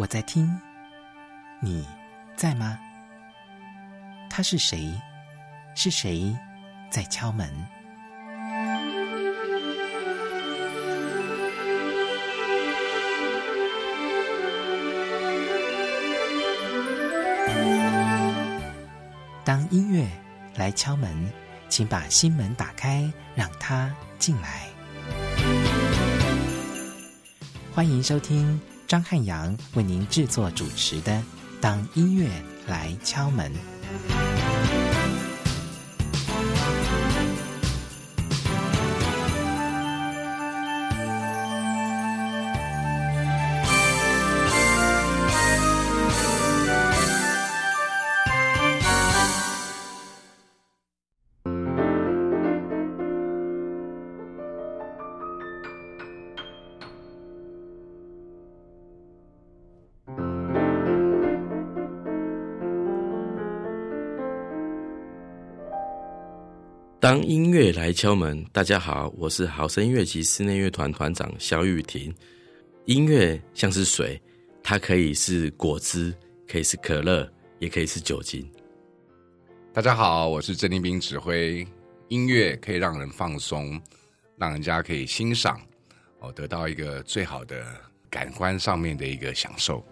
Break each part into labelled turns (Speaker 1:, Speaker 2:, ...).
Speaker 1: 我在聽，你在嗎？他是誰？是誰在敲門？當音樂來敲門，請把心門打開，讓它進來。歡迎收聽。張漢陽為您製作主持的《當音樂來敲門》。
Speaker 2: 當音樂來敲門，大家好，我是好聲樂集室內樂團團，團長蕭育霆。音樂像是水，它可以是果汁，可以是可樂，也可以是酒精。大家好，我是鄭立彬指揮。音樂可以讓人放鬆，讓人家可以欣賞，
Speaker 1: 哦，得到一個最好的感官上面的一個享受。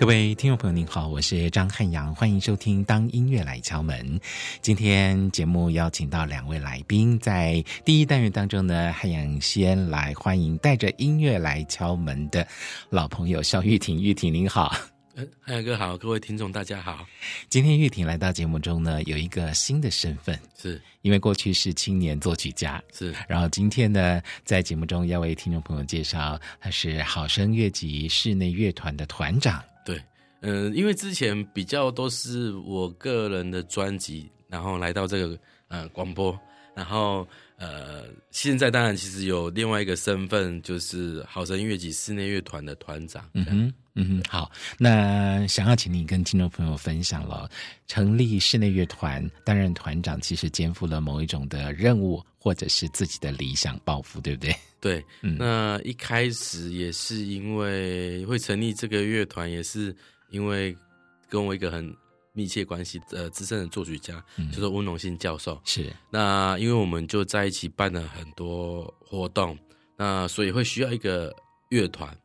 Speaker 1: 各位聽眾朋友，您好，我是張漢陽，歡迎收聽《當音樂來敲門》。今天節目邀請到兩位來賓，在第一單元當中呢，漢陽先來歡迎帶着音樂來敲門的老朋友蕭育霆。育霆您好，
Speaker 2: 呃，漢陽哥好，各位聽眾大家好。
Speaker 1: 今天育霆來到節目中呢，有一個新的身份，是，因為過去是青年作曲家，是，然後今天呢，在節目中要為聽眾朋友介紹，他是好聲樂集室內樂團的團長。
Speaker 2: 嗯、呃，因為之前比較都是我個人的專輯，然後來到這個呃廣播，然後呃，現在當然其實有另外一個身份，就是好聲樂集室內樂團的團長。嗯
Speaker 1: 哼，嗯哼，好，那想要請你跟聽眾朋友分享了，成立室內樂團擔任團長，其實肩負了某一種的任務，或者是自己的理想抱負，對不對？
Speaker 2: 對、嗯，那一開始也是因為會成立這個樂團，也是。因為跟我一個很密切關係的資深的作曲家，嗯、就是溫隆信教授。是那，因為我們就在一起辦了很多活動，那所以會需要一個樂團。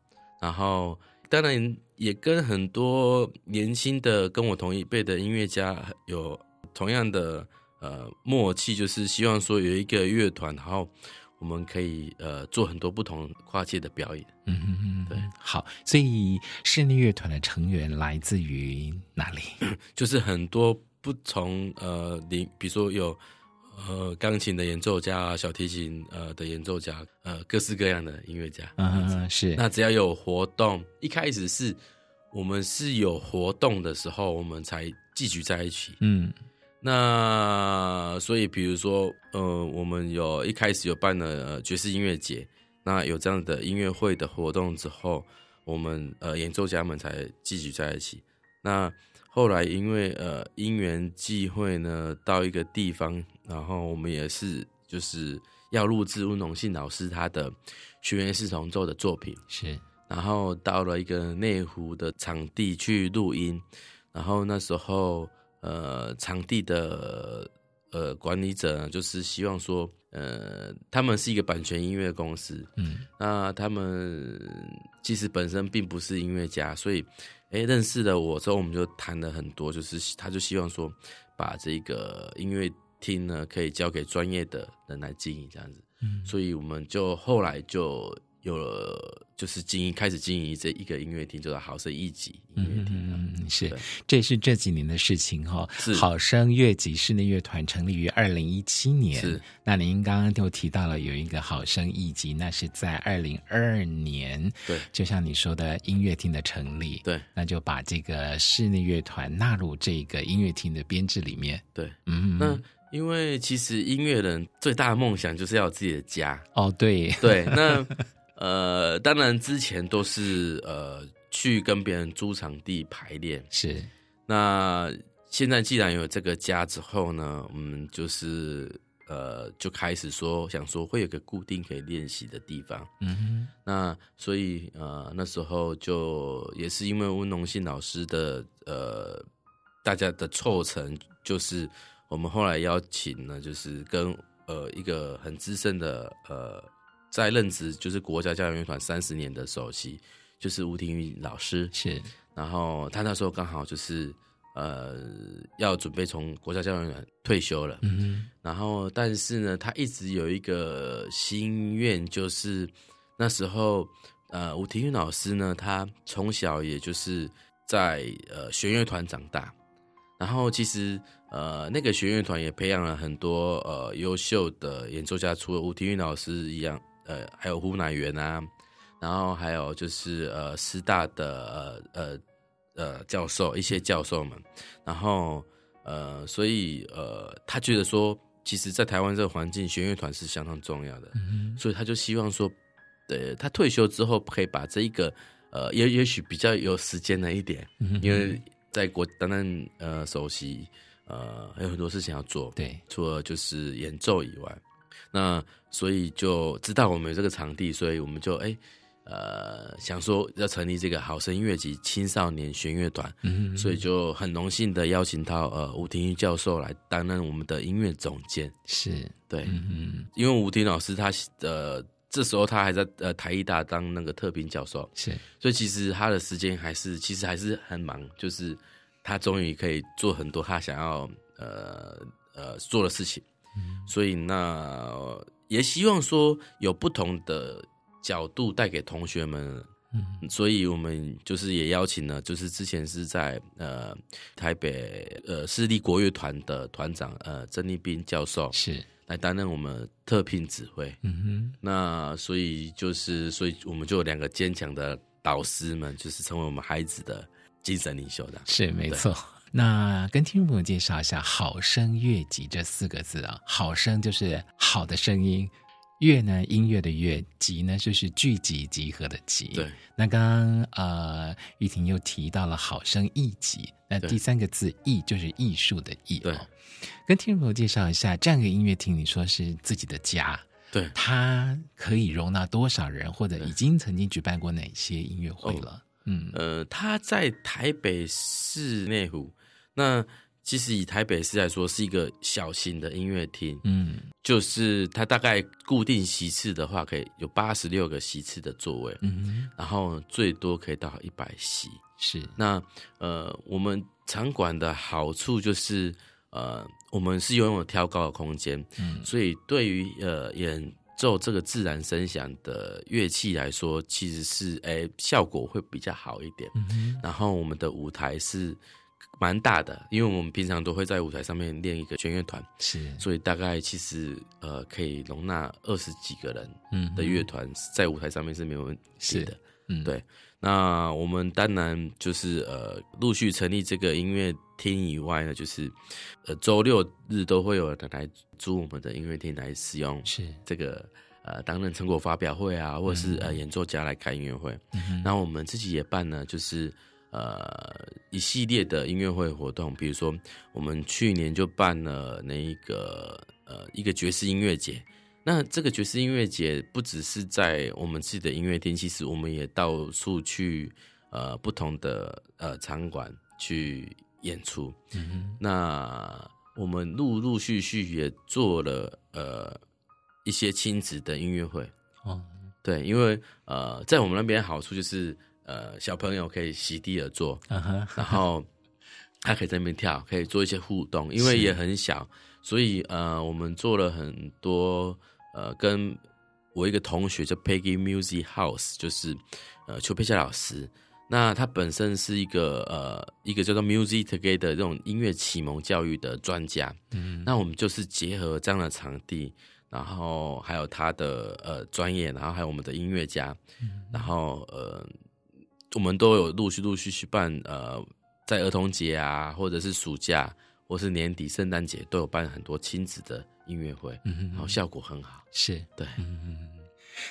Speaker 2: 然後，當然也跟很多年輕的跟我同一輩的音樂家有同樣的呃默契，就是希望說有一個樂團，然後。我們可以呃做很多不同跨界的表演，嗯嗯嗯，
Speaker 1: 對，好，所以室內樂團的成員來自於哪裡？
Speaker 2: 就是很多不同呃你，比如說有呃鋼琴的演奏家、小提琴呃的演奏家，呃各式各樣的音樂家，嗯、
Speaker 1: 啊、嗯，是。那
Speaker 2: 只要有活動，一開始是我們是有活動的時候，我們才聚集在一起，嗯。那所以，比如說，呃，我們有一開始有辦了、呃、爵士音樂節，那有這樣的音樂會的活動之後，我們呃演奏家們才聚集在一起。那後來因為呃因緣際會呢，到一個地方，然後我們也是就是要錄製溫隆信老師他的弦樂四重奏的作品，是。然後到了一個內湖的場地去錄音，然後那時候。呃，場地的呃管理者呢，就是希望說，呃，他們是一個版權音樂公司，嗯，那他們其實本身並不是音樂家，所以，哎、欸，認識了我之後，我們就談了很多，就是他就希望說，把這個音樂廳呢可以交給專業的人來經營這樣子，嗯，所以我們就後來就。有了，就是經營，開始經營這一個音樂廳，就是好聲藝集音樂
Speaker 1: 廳，嗯嗯，是，這是這幾年的事情哈，哦。好聲樂集室內樂團成立於二零一七年，是。那您剛剛就提到了有一個好聲藝集，那是在二零二二年，對。就像你說的音樂廳的成立，對，那就把這個室內樂團納入這個音樂廳的編制裡面，對，嗯。那
Speaker 2: 因為其實音樂人最大的夢想就是要有自己的家，哦，對，對，那。 呃，當然之前都是呃去跟別人租場地排練，是。那現在既然有這個家之後呢，我們就是呃就開始說想說會有個固定可以練習的地方，嗯哼。那所以呃那時候就也是因為溫農信老師的呃大家的促成，就是我們後來邀請呢，就是跟呃一個很資深的呃。在任職就是國家交響樂團三十年的首席，就是吳庭毓老師。是，然後他那時候剛好就是呃要準備從國家交響樂團退休了。嗯然後，但是呢，他一直有一個心願，就是那時候呃，吳庭毓老師呢，他從小也就是在呃學院團長大。然後，其實呃那個學院團也培養了很多呃優秀的演奏家，除了吳庭毓老師一樣。呃，還有胡乃元啊，然後還有就是呃，師大的呃呃教授一些教授們，然後呃，所以呃，他覺得說，其實，在台灣這個環境，弦樂團是相當重要的，嗯，所以他就希望說，對，他退休之後可以把這一個呃，也也許比較有時間的一點，嗯，因為在國擔任呃首席，呃，還有很多事情要做，對，除了就是演奏以外。那所以就知道我們有這個場地，所以我們就誒、欸、呃，想說要成立這個好聲樂集青少年弦樂團、嗯嗯嗯，所以就很榮幸的邀請到呃吳庭毓教授來擔任我們的音樂總監。是，對，嗯嗯因為吳庭老師他呃這時候他還在呃台藝大當那個特聘教授，是，所以其實他的時間還是其實還是很忙，就是他終於可以做很多他想要呃呃做的事情。所以那也希望說有不同的角度帶給同學們。嗯，所以我們就是也邀請了，就是之前是在呃台北呃市立國樂團的團長呃鄭立彬教授是來擔任我們特聘指揮。嗯哼，那所以就是所以我們就有兩個堅強的導師們，就是成為我們孩子的精神領袖的。是，沒錯。
Speaker 1: 那跟聽眾朋友介紹一下“好聲樂集”這四個字啊，好聲就是好的聲音，樂呢，音樂的樂，集呢，就是聚集集合的集。對，那剛剛呃玉婷又提到了“好聲藝集”，那第三個字藝就是藝術的藝哦。哦。跟聽眾朋友介紹一下，這樣一個音樂廳，你說是自己的家，對，它，可以容納多少人，或者已經曾經舉辦過哪些音樂會了？哦、嗯，呃，
Speaker 2: 他在台北市內湖。那其實以台北市來說，是一個小型的音樂廳。嗯，就是它大概固定席次的話，可以有八十六個席次的座位。嗯，然後最多可以到一百席。是。那呃，我們場館的好處就是，呃，我們是擁有挑高的空間，嗯，所以對於呃演奏這個自然聲響的樂器來說，其實是誒效果會比較好一點。嗯，然後我們的舞台是。蠻大的，因為我們平常都會在舞台上面練一個全樂團，是，所以大概其實呃可以容納二十幾個人的樂團、嗯、在舞台上面是沒有問題的。嗯，對。那我們當然就是呃陸續成立這個音樂廳以外呢，就是呃周六日都會有人來租我們的音樂廳來使用，這個，是這個呃擔任成果發表會啊，或者是、嗯、呃演奏家來開音樂會。然、嗯、後我們自己也辦呢，就是。呃，一系列的音樂會活動，比如說我們去年就辦了那一個呃一個爵士音樂節。那這個爵士音樂節不只是在我們自己的音樂廳，其實我們也到處去呃不同的呃場館去演出。嗯。那我們陸陸續續也做了呃一些親子的音樂會。哦，對，因為呃在我們那邊好處就是。呃，小朋友可以席地而坐，Uh-huh. 然後他可以在那邊跳，可以做一些互動，因為也很小，所以呃，我們做了很多呃，跟我一個同學叫 Peggy Music House，就是邱、呃、佩夏老師，那他本身是一個呃一個叫做 Music Together 的這種音樂啟蒙教育的專家，嗯，那我們就是結合這樣的場地，然後還有他的呃專業，然後還有我們的音樂家，嗯，然後呃。我們都有陸續陸續去辦，呃，在兒童節啊，或者是暑假，或是年底聖誕節，都有辦很多親子的音樂會，嗯哼哼，然後效果很好，
Speaker 1: 是對，嗯哼哼，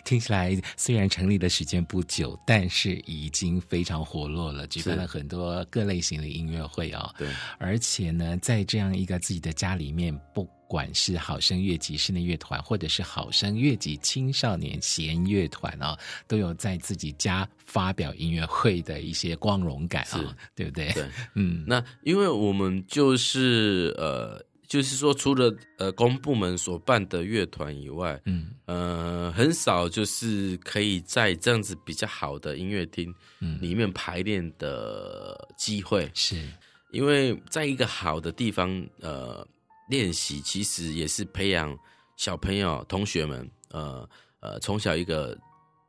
Speaker 1: 聽起來雖然成立的時間不久，但是已經非常活絡了，舉辦了很多各類型的音樂會啊。哦，對，而且呢，在這樣一個自己的家裡面不。不管是好聲樂集室內樂團，或者是好聲樂集青少年弦樂團、哦、都有在自己家發表音樂會的一些光榮感啊、哦，對不對？對，嗯，
Speaker 2: 那因為我們就是呃，就是說，除了呃，公部門所辦的樂團以外，嗯，呃，很少就是可以在這樣子比較好的音樂廳嗯裡面排練的機會，嗯、是因為在一個好的地方呃。練習其實也是培養小朋友、同學們，呃呃，從小一個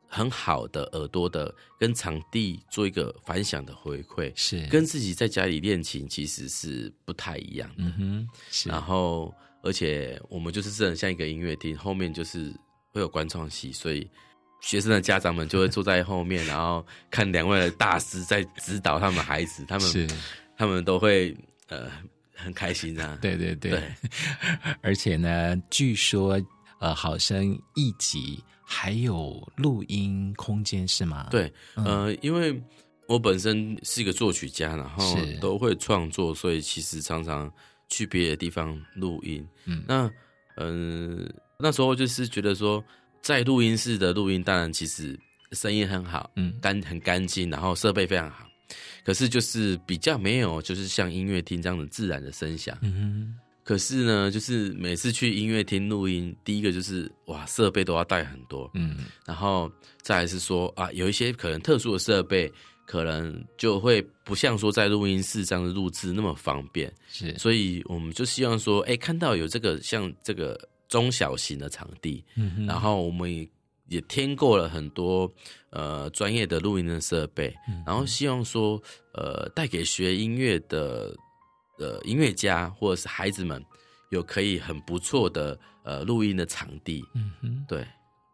Speaker 2: 很好的耳朵的，跟場地做一個反響的回饋，是跟自己在家裡練琴其實是不太一樣的，嗯哼，然後而且我們就是這很像一個音樂廳，後面就是會有觀眾席，所以學生的家長們就會坐在後面， 然後看兩位的大師在指導他們孩子， 他們他們都會呃。
Speaker 1: 很開心啊， 對，對對對，而且呢，據說呃，好聲藝集還有錄音空間是嗎？對、嗯，
Speaker 2: 呃，因為我本身是一個作曲家，然後都會創作，所以其實常常去別的地方錄音。嗯，那嗯、呃，那時候就是覺得說，在錄音室的錄音，當然其實聲音很好，嗯，乾很乾淨，然後設備非常好。可是就是比較沒有，就是像音樂廳這樣的自然的聲響、嗯。可是呢，就是每次去音樂廳錄音，第一個就是哇，設備都要帶很多。嗯，然後再來是說啊，有一些可能特殊的設備，可能就會不像說在錄音室這樣的錄制那麼方便。是，所以我們就希望說，哎、欸，看到有這個像這個中小型的場地，嗯、然後我們也。也添購了很多，呃，專業的錄音的設備，嗯，然後希望說，呃，帶給學音樂的，呃，音樂家或者是孩子們，有可以很不錯的，呃，錄音的場地，嗯哼，
Speaker 1: 對。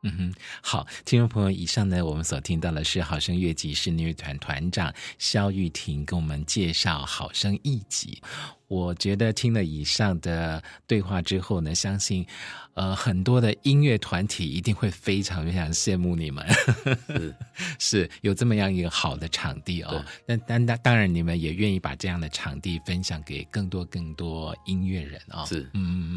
Speaker 1: 嗯哼，好，聽眾朋友，以上呢，我們所聽到的是好聲樂集室內樂團團長蕭育霆跟我們介紹好聲藝集。我覺得聽了以上的對話之後呢，相信呃很多的音樂團體一定會非常非常羨慕你們， 是，是有這麼樣一個好的場地哦。那、那、當當然，你們也願意把這樣的場地分享給更多更多音樂人哦，是，嗯。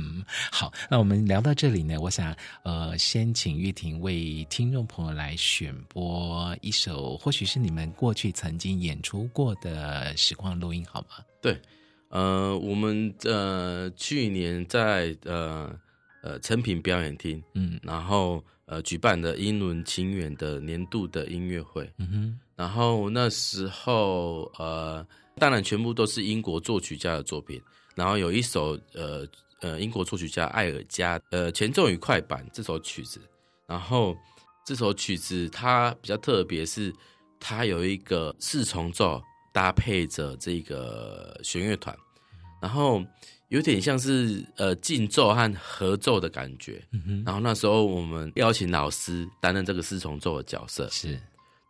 Speaker 1: 那我們聊到這裡呢，我想呃，先請育霆為聽眾朋友來選播一首，或許是你們過去曾經演出過的實況錄音，好嗎？
Speaker 2: 對，呃，我們呃去年在呃呃誠品表演廳，嗯，然後呃舉辦的英倫情緣的年度的音樂會，嗯哼，然後那時候呃，當然全部都是英國作曲家的作品，然後有一首呃。呃，英國作曲家艾爾加，呃，前奏與快板這首曲子，然後這首曲子它比較特別是，是它有一個四重奏搭配着這個弦樂團，然後有點像是呃競奏和合奏的感覺。嗯哼。然後那時候我們邀請老師擔任這個四重奏的角色，是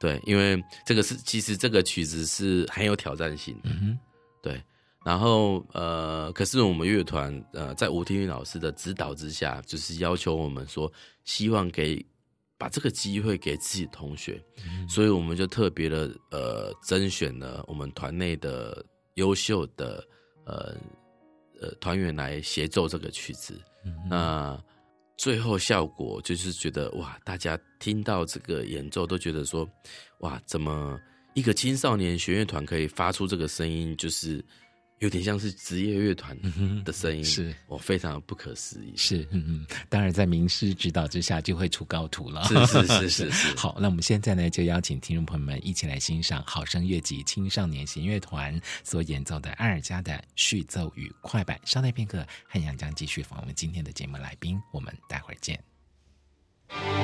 Speaker 2: 對，因為這個是其實這個曲子是很有挑戰性的，嗯哼，對。然後，呃，可是我們樂團，呃，在吳庭毓老師的指導之下，就是要求我們說，希望給把這個機會給自己同學、嗯，所以我們就特別的，呃，甄選了我們團內的優秀的，呃，呃，團員來協奏這個曲子。那、嗯呃、最後效果就是覺得，哇，大家聽到這個演奏都覺得說，哇，怎麼一個青少年弦樂團可以發出這個聲音，就是。有點像是職業樂團的聲音，嗯、是我非常不可思
Speaker 1: 議。是、嗯哼，當然在名師指導之下，就會出高徒了。是是是是， 是。好，那我們現在呢，就邀請聽眾朋友們一起來欣賞好聲樂集青少年弦樂團所演奏的艾爾加的序奏與快板。稍待一片刻，漢陽將繼續訪問今天的節目來賓。我們待會兒見。